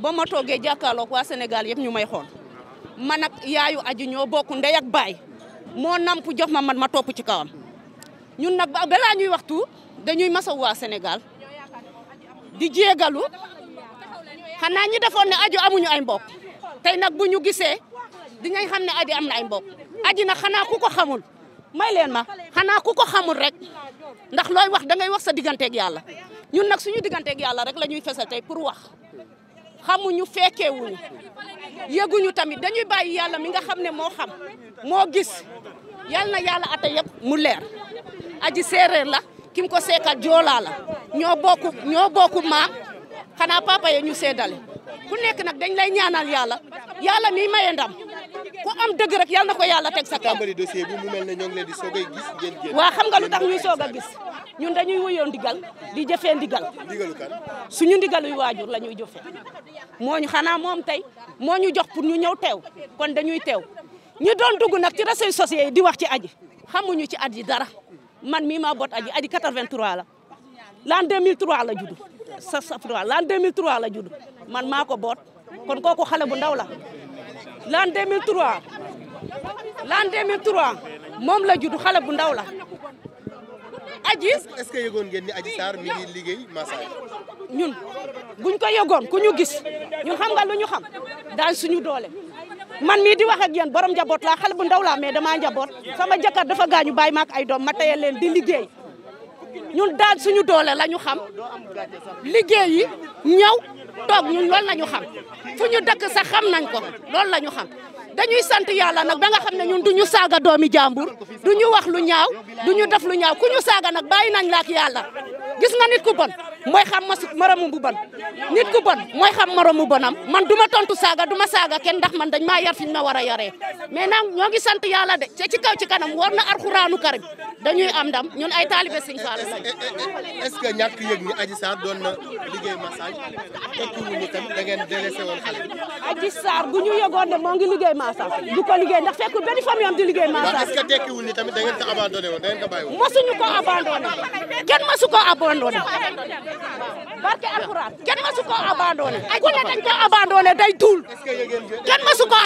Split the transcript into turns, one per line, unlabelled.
boo ma toogee jàkkaarloog waa Sénégal yëpp ñu may xoon man ak yaayu aji ñoo bokk ndey ak baay moo namp jox ma man ma topp ci kawam ñun nag ba balaa ñuy waxtu dañuy masaw waa Sénégal di jéegalu xanaa ñi defoon ne aju amuñu ay mbokk tey nag bu ñu gisee dinañ xam ne aji am na ay mbokk aji nag xanaa ku ko xamul may leen ma xanaa ku ko xamul rek ndax looy wax da ngay wax sa digganteeg yàlla ñun nag suñu digganteeg yàlla rek la ñuy fese tey pour wax xamuñu fekkeewuñu yëguñu tamit dañuy bàyyi yàlla mi nga xam ne moo xam moo gis yal na yàlla ate yëpp mu leer aji séeréer la kim ko seekal joolaa la ñoo bokku ñoo bokku maam xanaa papa ye ñu seedale ku nekk nag dañ lay ñaanal yàlla yàlla mi maye ndam ku am dëgg rek yal na ko yàlla teg sa kaw. tàmbali mu mel ñoo ngi di soog waa xam nga lu tax ñuy soog a gis. ñun dañuy wuyoo ndigal di jëfee ndigal suñu ndigaluy waajur la ñuy jëfee moo ñu xanaa moom tey moo ñu jox pour ñu ñëw teew kon dañuy teew ñu doon dugg nag ci réseaux sociaux yi di wax ci aji xamuñu ci aji dara man mii maa aj aji aji 83 la l'an 2003 la judd sa safra l'an 2003 la judd man maa ko boot kon kooku xale bu ndaw la l'an 2003 l'an 2003 moom la judd xale bu ndaw la aji. est-ce que yëgoon ngeen ni Adji liggéey massage. ñun buñ ko yëgoon ku ñu gis ñun xam nga lu ñu xam daal suñu doole man mii di wax ak yéen borom njaboot laa xale bu ndaw laa mais damaa njaboot sama jëkkër dafa gaañu bàyyi maak ay doom ma teye leen di liggéey ñun daal suñu doole la ñu xam liggéey yi ñëw toog ñun loolu la ñu xam fu ñu dëkk sax xam nañ ko loolu la ñu xam. dañuy sant yàlla nag ba nga xam ne ñun du ñu saaga doomi jàmbur du ñu wax lu ñaaw du ñu def lu ñaaw ku ñu saaga nag bàyyi nañ la ak yàlla gis nga nit ku bon mooy xam ma moromu bu bon nit ku bon mooy xam moromu bonam man du ma tontu saaga du ma saaga kenn ndax man dañ maa yar fi ñu ma war a yaree mais nag ñoo ngi sant yàlla de ci kaw ci kanam war na alxuraanu karim dañuy am ndam ñun ay taalibe sëñ Fallu lañ eh, eh, eh, est-ce que ñàkk moo ngi liggéey massage du ko liggéey ndax fekkul benn famille di liggéey massage est-ce que tekkiwul ni tamit da ngeen ko abandonné woon ko bàyyi kenn mosu ko abandonné abandonné barke alxuraan kenn mësu ko abandonné ku ne dañ ko day tuul kenn mësu ko